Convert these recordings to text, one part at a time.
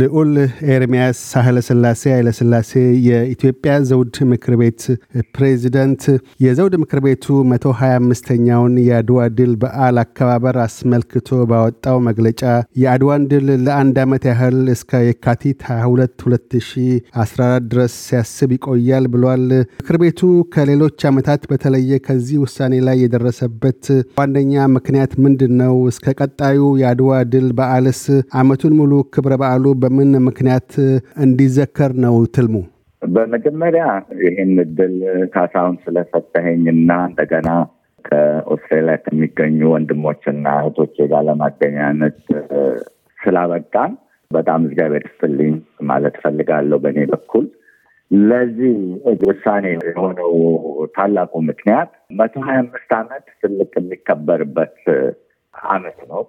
ልዑል ኤርሚያስ ኃይለ ኃይለስላሴ የኢትዮጵያ ዘውድ ምክር ቤት ፕሬዚደንት፣ የዘውድ ምክር ቤቱ መቶ 125 አምስተኛውን የአድዋ ድል በዓል አከባበር አስመልክቶ ባወጣው መግለጫ የአድዋን ድል ለአንድ ዓመት ያህል እስከ የካቲት 22 2014 ድረስ ሲያስብ ይቆያል ብሏል። ምክር ቤቱ ከሌሎች ዓመታት በተለየ ከዚህ ውሳኔ ላይ የደረሰበት ዋነኛ ምክንያት ምንድን ነው? እስከ ቀጣዩ የአድዋ ድል በዓልስ ዓመቱን ሙሉ ክብረ በዓሉ በምን ምክንያት እንዲዘከር ነው ትልሙ? በመጀመሪያ ይህን እድል ካሳሁን ስለሰጠኸኝ እና እንደገና ከኦስትሬሊያ ከሚገኙ ወንድሞችና እህቶቼ ጋር ለማገናኘት ስላበቃን በጣም እግዚአብሔር ይስጥልኝ ማለት ፈልጋለሁ። በእኔ በኩል ለዚህ ውሳኔ የሆነው ታላቁ ምክንያት መቶ ሀያ አምስት ዓመት ትልቅ የሚከበርበት አመት ነው።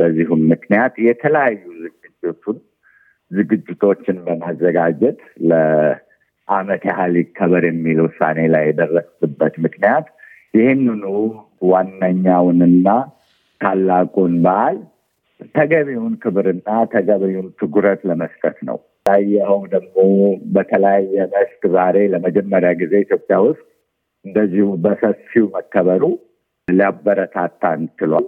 በዚሁም ምክንያት የተለያዩ ዝግጅቱን ዝግጅቶችን በማዘጋጀት ለአመት ያህል ይከበር የሚል ውሳኔ ላይ የደረስበት ምክንያት ይህንኑ ዋነኛውንና ታላቁን በዓል ተገቢውን ክብርና ተገቢውን ትኩረት ለመስጠት ነው። ያየኸው ደግሞ በተለያየ መስክ ዛሬ ለመጀመሪያ ጊዜ ኢትዮጵያ ውስጥ እንደዚሁ በሰፊው መከበሩ ሊያበረታታን ችሏል።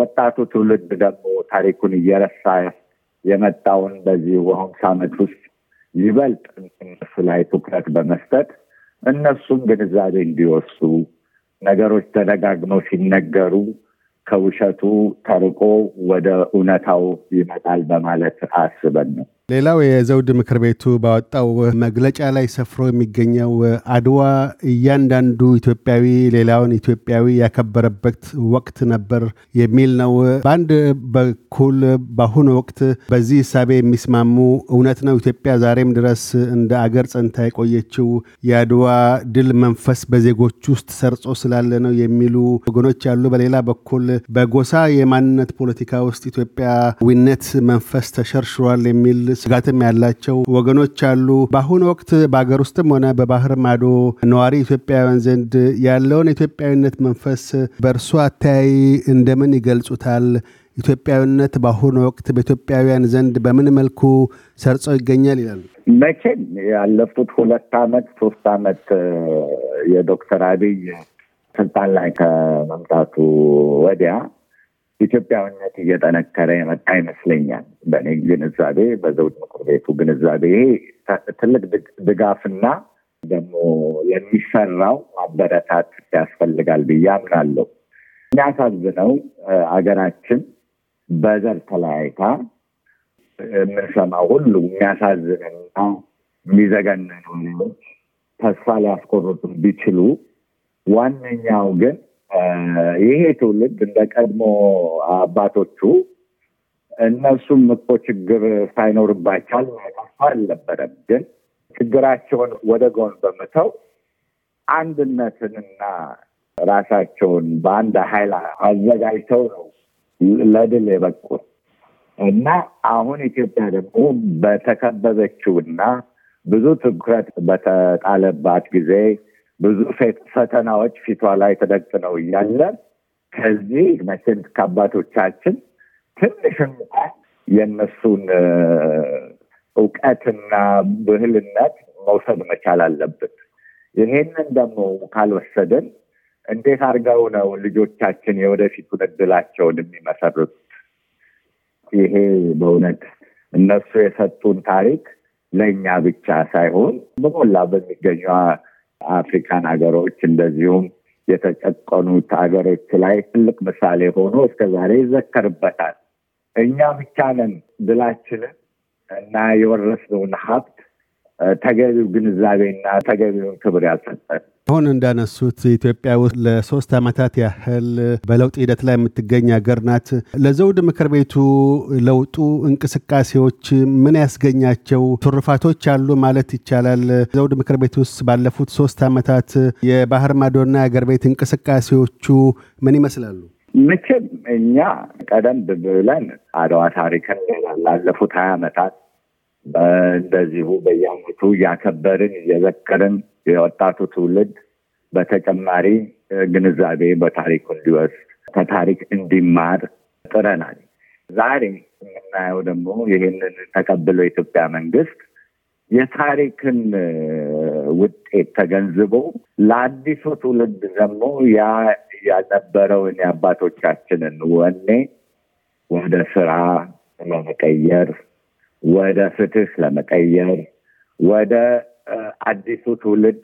ወጣቱ ትውልድ ደግሞ ታሪኩን እየረሳ የመጣውን በዚህ በአሁኑ ዓመት ውስጥ ይበልጥ እነሱ ላይ ትኩረት በመስጠት እነሱም ግንዛቤ እንዲወሱ ነገሮች ተደጋግመው ሲነገሩ ከውሸቱ ተርቆ ወደ እውነታው ይመጣል በማለት አስበን ነው። ሌላው የዘውድ ምክር ቤቱ ባወጣው መግለጫ ላይ ሰፍሮ የሚገኘው አድዋ እያንዳንዱ ኢትዮጵያዊ ሌላውን ኢትዮጵያዊ ያከበረበት ወቅት ነበር የሚል ነው። በአንድ በኩል በአሁኑ ወቅት በዚህ እሳቤ የሚስማሙ እውነት ነው፣ ኢትዮጵያ ዛሬም ድረስ እንደ አገር ጸንታ የቆየችው የአድዋ ድል መንፈስ በዜጎች ውስጥ ሰርጾ ስላለ ነው የሚሉ ወገኖች አሉ። በሌላ በኩል በጎሳ የማንነት ፖለቲካ ውስጥ ኢትዮጵያዊነት መንፈስ ተሸርሽሯል የሚል ስጋትም ያላቸው ወገኖች አሉ። በአሁኑ ወቅት በሀገር ውስጥም ሆነ በባህር ማዶ ነዋሪ ኢትዮጵያውያን ዘንድ ያለውን የኢትዮጵያዊነት መንፈስ በእርሶ አተያይ እንደምን ይገልጹታል? ኢትዮጵያዊነት በአሁኑ ወቅት በኢትዮጵያውያን ዘንድ በምን መልኩ ሰርጾ ይገኛል ይላል። መቼም ያለፉት ሁለት አመት ሶስት አመት የዶክተር አብይ ስልጣን ላይ ከመምጣቱ ወዲያ ኢትዮጵያዊነት እየጠነከረ የመጣ ይመስለኛል። በእኔ ግንዛቤ፣ በዘውድ ምክር ቤቱ ግንዛቤ ትልቅ ድጋፍና ደግሞ የሚሰራው ማበረታት ያስፈልጋል ብዬ አምናለሁ። የሚያሳዝነው አገራችን በዘር ተለያይታ የምንሰማው ሁሉ የሚያሳዝንና የሚዘገንን ተስፋ ሊያስቆርጡ ቢችሉ ዋነኛው ግን ይሄ ትውልድ እንደ ቀድሞ አባቶቹ እነሱም እኮ ችግር ሳይኖርባቸዋል አልነበረም። ግን ችግራቸውን ወደ ጎን በመተው አንድነትንና ራሳቸውን በአንድ ኃይል አዘጋጅተው ነው ለድል የበቁት እና አሁን ኢትዮጵያ ደግሞ በተከበበችውና ብዙ ትኩረት በተጣለባት ጊዜ ብዙ ፈተናዎች ፊቷ ላይ ተደቅነው እያለ ከዚህ መቼም ከአባቶቻችን ትንሽ እንኳን የእነሱን እውቀትና ብህልነት መውሰድ መቻል አለብን። ይሄንን ደግሞ ካልወሰድን እንዴት አድርገው ነው ልጆቻችን የወደፊቱን እድላቸውን የሚመሰርቱት? ይሄ በእውነት እነሱ የሰጡን ታሪክ ለእኛ ብቻ ሳይሆን በሞላ በሚገኘ አፍሪካን ሀገሮች እንደዚሁም የተጨቆኑት ሀገሮች ላይ ትልቅ ምሳሌ ሆኖ እስከዛሬ ይዘከርበታል። እኛ ብቻ ነን ድላችንን እና የወረስነውን ሀብት ተገቢው ግንዛቤና ተገቢውን ክብር ያልሰጠ አሁን እንዳነሱት ኢትዮጵያ ውስጥ ለሶስት ዓመታት ያህል በለውጥ ሂደት ላይ የምትገኝ ሀገር ናት። ለዘውድ ምክር ቤቱ ለውጡ እንቅስቃሴዎች ምን ያስገኛቸው ትሩፋቶች አሉ ማለት ይቻላል? ዘውድ ምክር ቤት ውስጥ ባለፉት ሶስት ዓመታት የባህር ማዶና የአገር ቤት እንቅስቃሴዎቹ ምን ይመስላሉ? መቼም እኛ ቀደም ብለን አድዋ ታሪክን ላለፉት ሀያ ዓመታት እንደዚሁ በየአመቱ እያከበርን እየዘከርን የወጣቱ ትውልድ በተጨማሪ ግንዛቤ በታሪኩ እንዲወስድ ከታሪክ እንዲማር ጥረናል። ዛሬ የምናየው ደግሞ ይህንን ተቀብሎ የኢትዮጵያ መንግስት የታሪክን ውጤት ተገንዝቦ ለአዲሱ ትውልድ ደግሞ ያ ያነበረውን የአባቶቻችንን ወኔ ወደ ስራ ለመቀየር ወደ ፍትህ ለመቀየር ወደ አዲሱ ትውልድ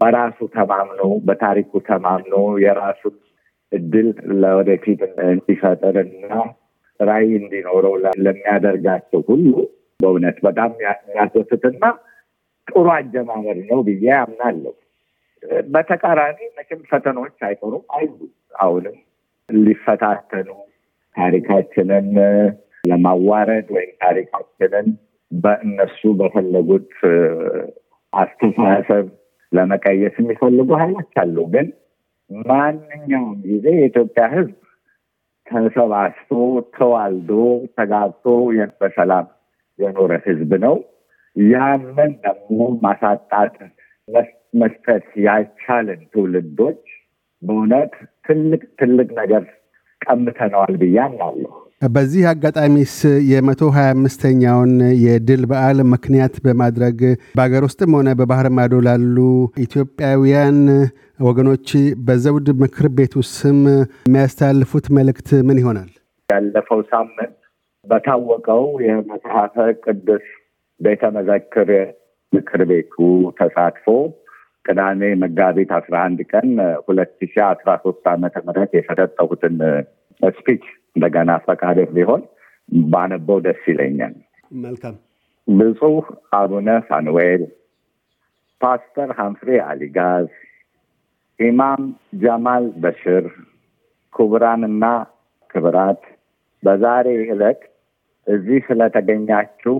በራሱ ተማምኖ በታሪኩ ተማምኖ የራሱን እድል ለወደፊት እንዲፈጥር እና ራይ እንዲኖረው ለሚያደርጋቸው ሁሉ በእውነት በጣም የሚያስደስትና ጥሩ አጀማመር ነው ብዬ አምናለሁ። በተቃራኒ መቼም ፈተናዎች አይኖሩም፣ አይሉ አሁንም ሊፈታተኑ ታሪካችንን ለማዋረድ ወይም ታሪካችንን በእነሱ በፈለጉት አስተሳሰብ ለመቀየስ የሚፈልጉ ኃይሎች አሉ። ግን ማንኛውም ጊዜ የኢትዮጵያ ሕዝብ ተሰባስቶ ተዋልዶ ተጋብቶ በሰላም የኖረ ሕዝብ ነው። ያንን ደግሞ ማሳጣት መስጠት ያልቻልን ትውልዶች በእውነት ትልቅ ትልቅ ነገር ቀምተነዋል ብዬ አምናለሁ። በዚህ አጋጣሚስ የመቶ ሀያ አምስተኛውን የድል በዓል ምክንያት በማድረግ በሀገር ውስጥም ሆነ በባህር ማዶ ላሉ ኢትዮጵያውያን ወገኖች በዘውድ ምክር ቤቱ ስም የሚያስተላልፉት መልእክት ምን ይሆናል? ያለፈው ሳምንት በታወቀው የመጽሐፈ ቅዱስ ቤተ መዘክር ምክር ቤቱ ተሳትፎ ቅዳሜ መጋቢት አስራ አንድ ቀን ሁለት ሺ አስራ ሶስት አመተ ምህረት የሰጠሁትን ስፒች እንደገና ፈቃድህ ቢሆን ባነበው ደስ ይለኛል። መልካም ብፁህ አቡነ ሳኑኤል፣ ፓስተር ሀምፍሬ አሊጋዝ፣ ኢማም ጀማል በሽር፣ ክቡራንና ክብራት በዛሬ ዕለት እዚህ ስለተገኛችሁ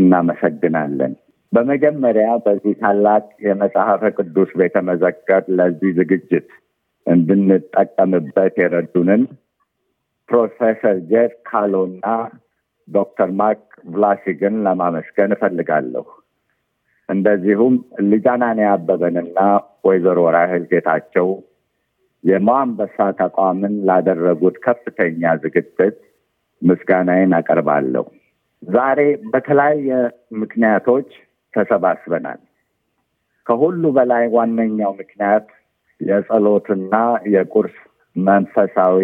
እናመሰግናለን። በመጀመሪያ በዚህ ታላቅ የመጽሐፈ ቅዱስ ቤተ መዘክር ለዚህ ዝግጅት እንድንጠቀምበት የረዱንን ፕሮፌሰር ጄፍ ካሎና ዶክተር ማርክ ብላሽግን ለማመስገን እፈልጋለሁ። እንደዚሁም ልጃናኔ አበበንና ወይዘሮ ራህል ጌታቸው የማንበሳ ተቋምን ላደረጉት ከፍተኛ ዝግጅት ምስጋናዬን አቀርባለሁ። ዛሬ በተለያየ ምክንያቶች ተሰባስበናል። ከሁሉ በላይ ዋነኛው ምክንያት የጸሎትና የቁርስ መንፈሳዊ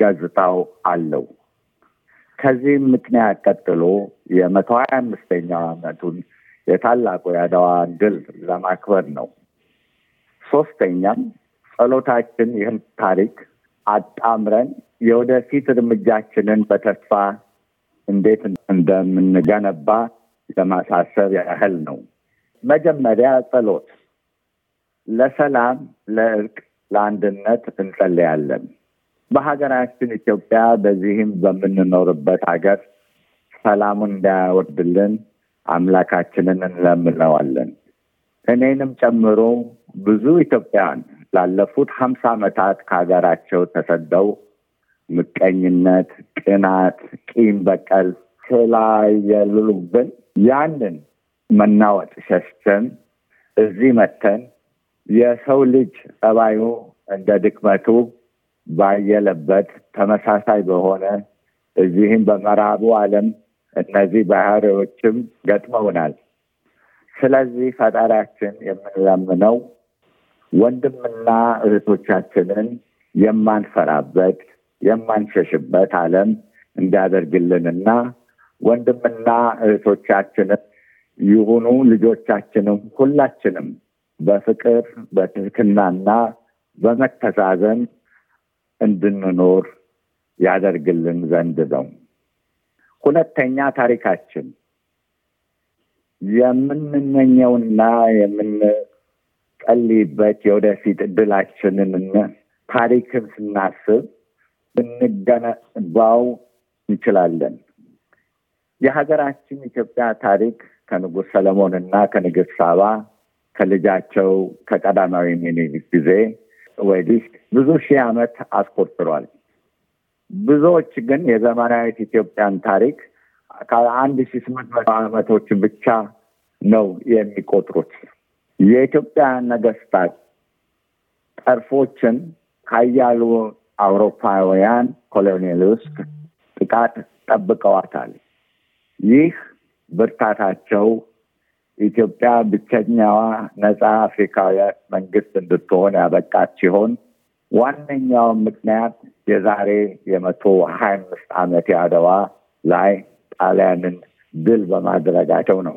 ገጽታው አለው። ከዚህም ምክንያት ቀጥሎ የመቶ ሀያ አምስተኛው ዓመቱን የታላቁ የአድዋን ድል ለማክበር ነው። ሶስተኛም ጸሎታችን ይህን ታሪክ አጣምረን የወደፊት እርምጃችንን በተስፋ እንዴት እንደምንገነባ ለማሳሰብ ያህል ነው። መጀመሪያ ጸሎት ለሰላም፣ ለእርቅ፣ ለአንድነት እንጸለያለን። በሀገራችን ኢትዮጵያ በዚህም በምንኖርበት ሀገር ሰላሙን እንዳያወርድልን አምላካችንን እንለምነዋለን። እኔንም ጨምሮ ብዙ ኢትዮጵያውያን ላለፉት ሀምሳ ዓመታት ከሀገራቸው ተሰደው ምቀኝነት፣ ቅናት፣ ቂም በቀል ስላየሉብን ያንን መናወጥ ሸሽተን እዚህ መተን የሰው ልጅ ጠባዩ እንደ ድክመቱ ባየለበት ተመሳሳይ በሆነ እዚህም በምዕራቡ ዓለም እነዚህ ባህሪዎችም ገጥመውናል። ስለዚህ ፈጣሪያችን የምንለምነው ወንድምና እህቶቻችንን የማንፈራበት የማንሸሽበት ዓለም እንዲያደርግልንና ወንድምና እህቶቻችንን ይሁኑ ልጆቻችንም ሁላችንም በፍቅር በትህትናና በመተዛዘን እንድንኖር ያደርግልን ዘንድ ነው። ሁለተኛ ታሪካችን የምንመኘውና የምንጸልይበት የወደፊት እድላችንን ታሪክን ስናስብ ልንገነባው እንችላለን። የሀገራችን ኢትዮጵያ ታሪክ ከንጉሥ ሰለሞንና ከንግሥት ሳባ ከልጃቸው ከቀዳማዊ ምኒልክ ጊዜ ወዲህ ብዙ ሺህ ዓመት አስቆጥሯል። ብዙዎች ግን የዘመናዊት ኢትዮጵያን ታሪክ ከአንድ ሺህ ስምንት መቶ ዓመቶች ብቻ ነው የሚቆጥሩት። የኢትዮጵያ ነገስታት ጠርፎችን ካያሉ አውሮፓውያን ኮሎኔል ውስጥ ጥቃት ጠብቀዋታል። ይህ ብርታታቸው ኢትዮጵያ ብቸኛዋ ነፃ አፍሪካውያን መንግስት እንድትሆን ያበቃት ሲሆን ዋነኛው ምክንያት የዛሬ የመቶ ሀያ አምስት ዓመት የአድዋ ላይ ጣሊያንን ድል በማድረጋቸው ነው።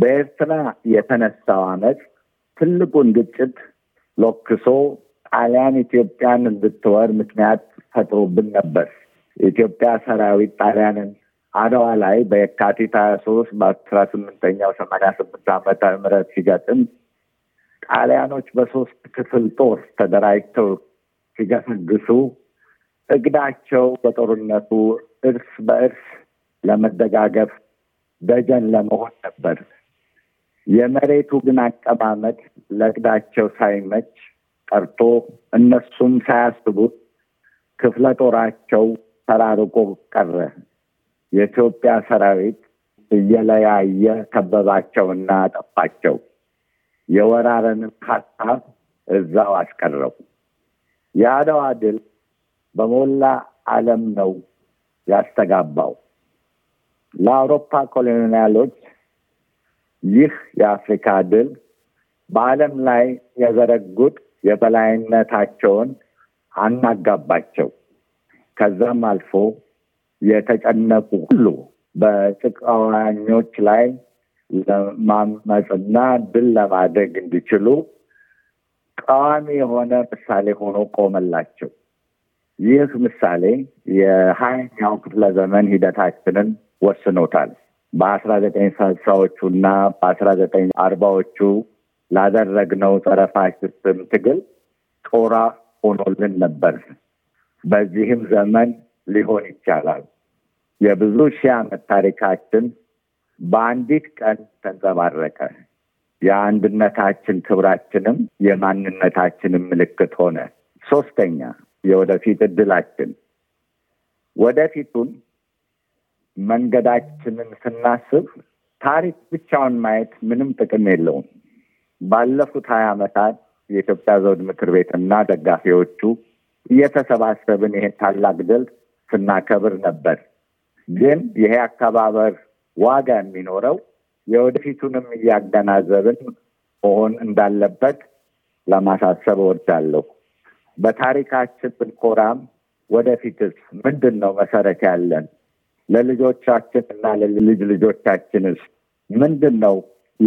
በኤርትራ የተነሳው አመፅ ትልቁን ግጭት ሎክሶ ጣሊያን ኢትዮጵያን እንድትወር ምክንያት ፈጥሮብን ነበር። የኢትዮጵያ ሰራዊት ጣሊያንን አድዋ ላይ በየካቲት ሀያ ሶስት በአስራ ስምንተኛው ሰማኒያ ስምንት ዓመተ ምህረት ሲገጥም ጣሊያኖች በሶስት ክፍል ጦር ተደራጅተው ሲገሰግሱ እግዳቸው በጦርነቱ እርስ በእርስ ለመደጋገፍ ደጀን ለመሆን ነበር። የመሬቱ ግን አቀማመጥ ለእግዳቸው ሳይመች ቀርቶ እነሱም ሳያስቡት ክፍለ ጦራቸው ተራርቆ ቀረ። የኢትዮጵያ ሰራዊት እየለያየ ከበባቸውና ጠፋቸው። የወራረንም ሀሳብ እዛው አስቀረው። የአድዋ ድል በሞላ ዓለም ነው ያስተጋባው። ለአውሮፓ ኮሎኒያሎች ይህ የአፍሪካ ድል በዓለም ላይ የዘረጉት የበላይነታቸውን አናጋባቸው። ከዛም አልፎ የተጨነቁ ሁሉ በተቃዋኞች ላይ ለማመፅና ድል ለማድረግ እንዲችሉ ቃዋሚ የሆነ ምሳሌ ሆኖ ቆመላቸው። ይህ ምሳሌ የሀያኛው ክፍለ ዘመን ሂደታችንን ወስኖታል። በአስራ ዘጠኝ እና በአስራ ዘጠኝ አርባዎቹ ላደረግነው ጸረ ፋሽስትም ትግል ጦራ ሆኖልን ነበር። በዚህም ዘመን ሊሆን ይቻላል። የብዙ ሺህ ዓመት ታሪካችን በአንዲት ቀን ተንጸባረቀ። የአንድነታችን ክብራችንም የማንነታችንም ምልክት ሆነ። ሶስተኛ የወደፊት እድላችን ወደፊቱን መንገዳችንን ስናስብ ታሪክ ብቻውን ማየት ምንም ጥቅም የለውም። ባለፉት ሀያ ዓመታት የኢትዮጵያ ዘውድ ምክር ቤትና ደጋፊዎቹ እየተሰባሰብን ይሄን ታላቅ ድል ስናከብር ነበር። ግን ይሄ አከባበር ዋጋ የሚኖረው የወደፊቱንም እያገናዘብን መሆን እንዳለበት ለማሳሰብ እወዳለሁ። በታሪካችን ብንኮራም ወደፊትስ ምንድን ነው መሰረት ያለን? ለልጆቻችን እና ለልጅ ልጆቻችንስ ምንድን ነው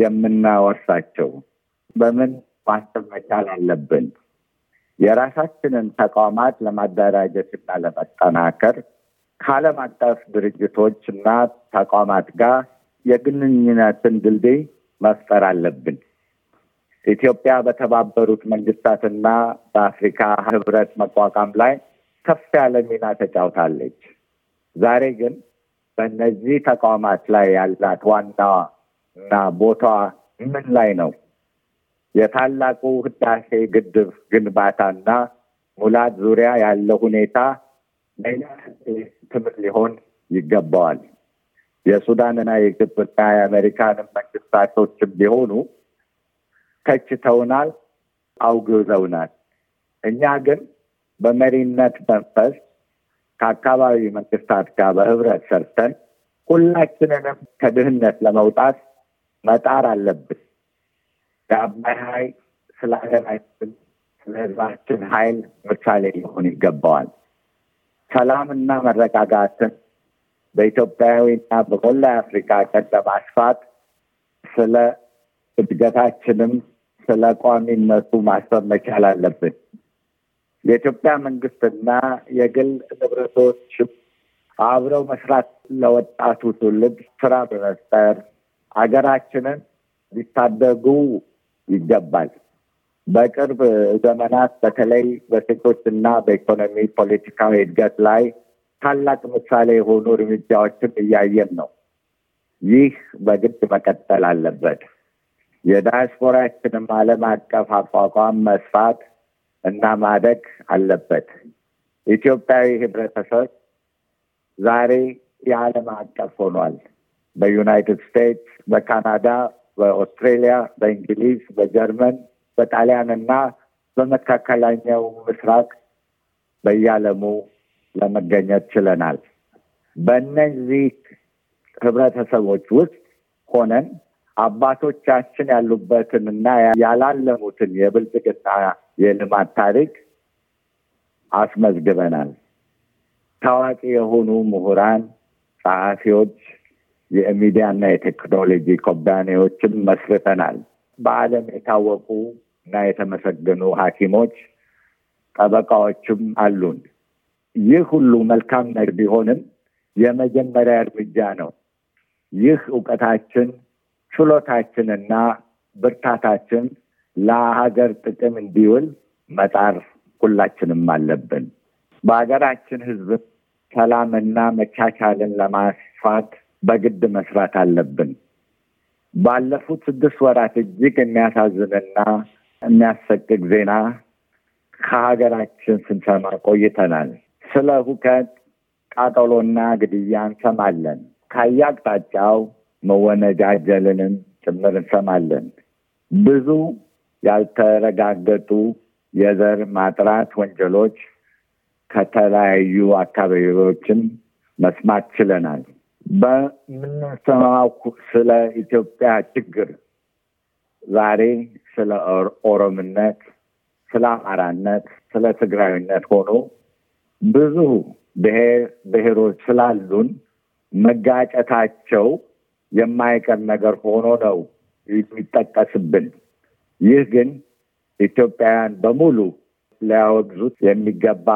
የምናወርሳቸው? በምን ማሰብ መቻል አለብን? የራሳችንን ተቋማት ለማደራጀትና ለመጠናከር ከዓለም አቀፍ ድርጅቶች እና ተቋማት ጋር የግንኙነትን ድልድይ መፍጠር አለብን። ኢትዮጵያ በተባበሩት መንግስታትና በአፍሪካ ህብረት መቋቋም ላይ ከፍ ያለ ሚና ተጫውታለች። ዛሬ ግን በእነዚህ ተቋማት ላይ ያላት ዋናዋ እና ቦታዋ ምን ላይ ነው? የታላቁ ህዳሴ ግድብ ግንባታና ሙላት ዙሪያ ያለው ሁኔታ ሌላ ትምህርት ሊሆን ይገባዋል። የሱዳንና የኢትዮጵያ የአሜሪካን መንግስታቶችም ቢሆኑ ተችተውናል፣ አውግዘውናል። እኛ ግን በመሪነት መንፈስ ከአካባቢ መንግስታት ጋር በህብረት ሰርተን ሁላችንንም ከድህነት ለመውጣት መጣር አለብን። የአባይ ሀይል ስለ ሀገራችን፣ ስለ ህዝባችን ሀይል ምሳሌ ሊሆን ይገባዋል። ሰላምና መረጋጋትን በኢትዮጵያዊና በሞላ አፍሪካ ቀንድ ለማስፋት ስለ እድገታችንም ስለ ቋሚነቱ ማሰብ መቻል አለብን። የኢትዮጵያ መንግስትና የግል ንብረቶች አብረው መስራት ለወጣቱ ትውልድ ስራ በመፍጠር ሀገራችንን ሊታደጉ ይገባል። በቅርብ ዘመናት በተለይ እና በኢኮኖሚ ፖለቲካዊ እድገት ላይ ታላቅ ምሳሌ የሆኑ እርምጃዎችን እያየን ነው። ይህ በግድ መቀጠል አለበት። የዳያስፖራችንም ዓለም አቀፍ አቋቋም መስፋት እና ማደግ አለበት። ኢትዮጵያዊ ህብረተሰብ ዛሬ የዓለም አቀፍ ሆኗል። በዩናይትድ ስቴትስ፣ በካናዳ በኦስትሬሊያ፣ በእንግሊዝ፣ በጀርመን፣ በጣሊያን እና በመካከላኛው ምስራቅ በየዓለሙ ለመገኘት ችለናል። በእነዚህ ህብረተሰቦች ውስጥ ሆነን አባቶቻችን ያሉበትን እና ያላለሙትን የብልጽግና የልማት ታሪክ አስመዝግበናል። ታዋቂ የሆኑ ምሁራን፣ ጸሐፊዎች የሚዲያና የቴክኖሎጂ ኮምፓኒዎችም መስርተናል። በዓለም የታወቁ እና የተመሰገኑ ሐኪሞች ጠበቃዎችም አሉን። ይህ ሁሉ መልካም ነገር ቢሆንም የመጀመሪያ እርምጃ ነው። ይህ እውቀታችን፣ ችሎታችንና ብርታታችን ለሀገር ጥቅም እንዲውል መጣር ሁላችንም አለብን። በሀገራችን ሕዝብ ሰላምና መቻቻልን ለማስፋት በግድ መስራት አለብን። ባለፉት ስድስት ወራት እጅግ የሚያሳዝንና የሚያሰቅቅ ዜና ከሀገራችን ስንሰማ ቆይተናል። ስለ ሁከት፣ ቃጠሎና ግድያ እንሰማለን። ከየአቅጣጫው መወነጃጀልንም ጭምር እንሰማለን። ብዙ ያልተረጋገጡ የዘር ማጥራት ወንጀሎች ከተለያዩ አካባቢዎችም መስማት ችለናል። በምንሰማው ስለ ኢትዮጵያ ችግር ዛሬ ስለ ኦሮምነት፣ ስለ አማራነት፣ ስለ ትግራዊነት ሆኖ ብዙ ብሔር ብሔሮች ስላሉን መጋጨታቸው የማይቀር ነገር ሆኖ ነው የሚጠቀስብን። ይህ ግን ኢትዮጵያውያን በሙሉ ሊያወግዙት የሚገባ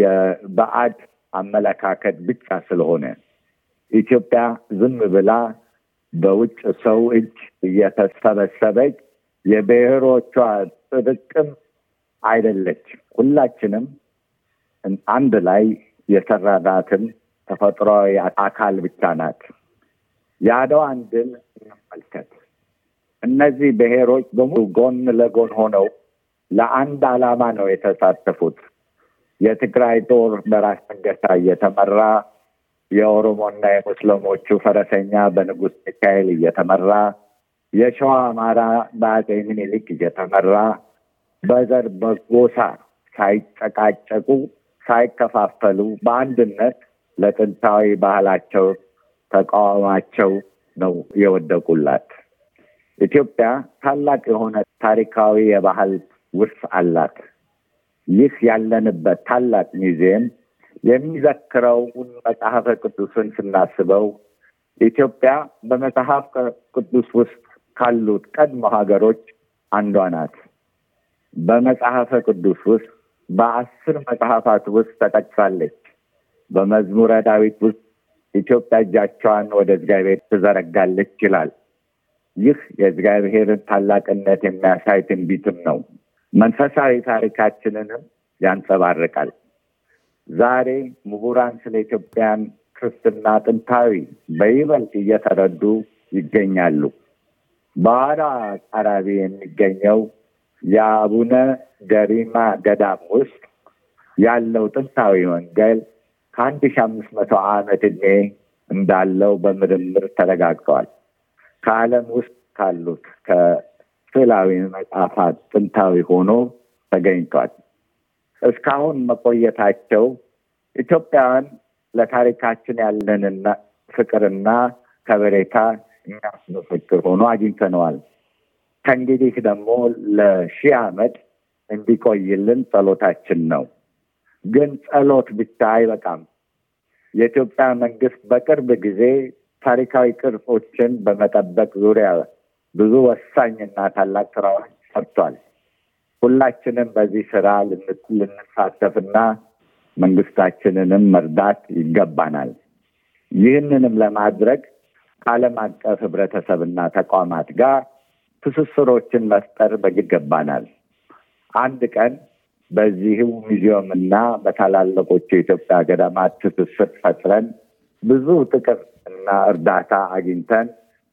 የባዕድ አመለካከት ብቻ ስለሆነ ኢትዮጵያ ዝም ብላ በውጭ ሰው እጅ እየተሰበሰበች የብሔሮቿ ጥርቅም አይደለች። ሁላችንም አንድ ላይ የሰራናትን ተፈጥሯዊ አካል ብቻ ናት። የአድዋን ድል እንመልከት። እነዚህ ብሔሮች በሙሉ ጎን ለጎን ሆነው ለአንድ ዓላማ ነው የተሳተፉት። የትግራይ ጦር በራስ መንገሻ እየተመራ የኦሮሞና የሙስሊሞቹ ፈረሰኛ በንጉሥ ሚካኤል እየተመራ የሸዋ አማራ በአጼ ምኒልክ እየተመራ በዘር በጎሳ ሳይጨቃጨቁ ሳይከፋፈሉ በአንድነት ለጥንታዊ ባህላቸው ተቃውሟቸው ነው የወደቁላት። ኢትዮጵያ ታላቅ የሆነ ታሪካዊ የባህል ውርስ አላት። ይህ ያለንበት ታላቅ ሙዚየም የሚዘክረውን መጽሐፈ ቅዱስን ስናስበው ኢትዮጵያ በመጽሐፍ ቅዱስ ውስጥ ካሉት ቀድሞ ሀገሮች አንዷ ናት። በመጽሐፈ ቅዱስ ውስጥ በአስር መጽሐፋት ውስጥ ተጠቅሳለች። በመዝሙረ ዳዊት ውስጥ ኢትዮጵያ እጃቸዋን ወደ እግዚአብሔር ትዘረጋለች ይላል። ይህ የእግዚአብሔርን ታላቅነት የሚያሳይ ትንቢትም ነው። መንፈሳዊ ታሪካችንንም ያንጸባርቃል። ዛሬ ምሁራን ስለ ኢትዮጵያን ክርስትና ጥንታዊ በይበልጥ እየተረዱ ይገኛሉ። በኋላ ቀራቢ የሚገኘው የአቡነ ደሪማ ገዳም ውስጥ ያለው ጥንታዊ መንገድ ከአንድ ሺ አምስት መቶ ዓመት ዕድሜ እንዳለው በምርምር ተረጋግጧል። ከዓለም ውስጥ ካሉት ከስዕላዊ መጽሐፋት ጥንታዊ ሆኖ ተገኝቷል። እስካሁን መቆየታቸው ኢትዮጵያውያን ለታሪካችን ያለንና ፍቅርና ከበሬታ የሚያስመሰክር ሆኖ አግኝተነዋል። ከእንግዲህ ደግሞ ለሺህ ዓመት እንዲቆይልን ጸሎታችን ነው። ግን ጸሎት ብቻ አይበቃም። የኢትዮጵያ መንግስት በቅርብ ጊዜ ታሪካዊ ቅርጾችን በመጠበቅ ዙሪያ ብዙ ወሳኝና ታላቅ ስራዎች ሰርቷል። ሁላችንም በዚህ ስራ ልንሳተፍና መንግስታችንንም መርዳት ይገባናል። ይህንንም ለማድረግ ከዓለም አቀፍ ህብረተሰብና ተቋማት ጋር ትስስሮችን መፍጠር በይገባናል። አንድ ቀን በዚህው እና በታላላቆቹ የኢትዮጵያ ገዳማት ትስስር ፈጥረን ብዙ ጥቅም እና እርዳታ አግኝተን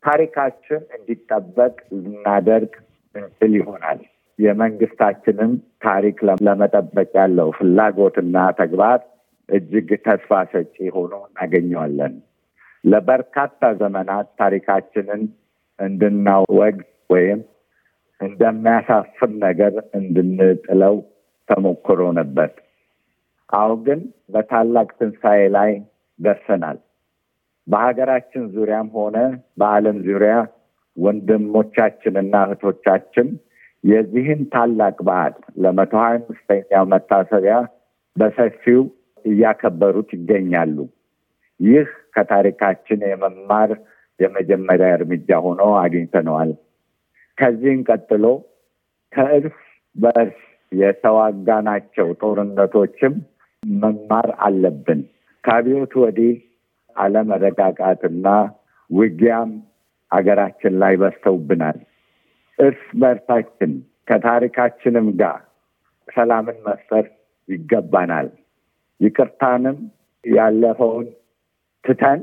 ታሪካችን እንዲጠበቅ ልናደርግ እንችል ይሆናል። የመንግስታችንን ታሪክ ለመጠበቅ ያለው ፍላጎትና ተግባር እጅግ ተስፋ ሰጪ ሆኖ እናገኘዋለን። ለበርካታ ዘመናት ታሪካችንን እንድናወግ ወይም እንደሚያሳፍር ነገር እንድንጥለው ተሞክሮ ነበር። አሁን ግን በታላቅ ትንሣኤ ላይ ደርሰናል። በሀገራችን ዙሪያም ሆነ በዓለም ዙሪያ ወንድሞቻችንና እህቶቻችን የዚህን ታላቅ በዓል ለመቶ ሀያ አምስተኛው መታሰቢያ በሰፊው እያከበሩት ይገኛሉ። ይህ ከታሪካችን የመማር የመጀመሪያ እርምጃ ሆኖ አግኝተነዋል። ከዚህም ቀጥሎ ከእርስ በእርስ የተዋጋናቸው ጦርነቶችም መማር አለብን። ከአብዮት ወዲህ አለመረጋጋትና ውጊያም አገራችን ላይ በስተውብናል። እርስ በርሳችን ከታሪካችንም ጋር ሰላምን መፍጠር ይገባናል። ይቅርታንም ያለፈውን ትተን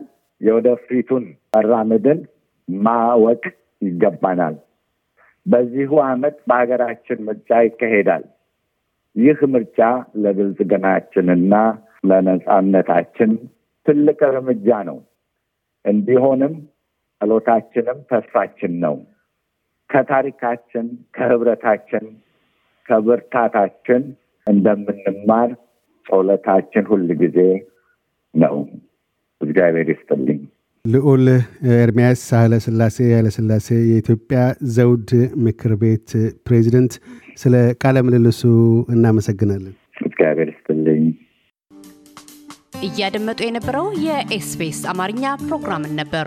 የወደፊቱን መራመድን ማወቅ ይገባናል። በዚሁ ዓመት በሀገራችን ምርጫ ይካሄዳል። ይህ ምርጫ ለብልጽግናችንና ለነጻነታችን ትልቅ እርምጃ ነው። እንዲሆንም ጸሎታችንም ተስፋችን ነው። ከታሪካችን፣ ከህብረታችን፣ ከብርታታችን እንደምንማር ጸሎታችን ሁል ጊዜ ነው። እግዚአብሔር ይስጥልኝ። ልዑል ኤርሚያስ ኃይለስላሴ ኃይለስላሴ የኢትዮጵያ ዘውድ ምክር ቤት ፕሬዚደንት፣ ስለ ቃለ ምልልሱ እናመሰግናለን። እግዚአብሔር ይስጥልኝ። እያደመጡ የነበረው የኤስቢኤስ አማርኛ ፕሮግራምን ነበር።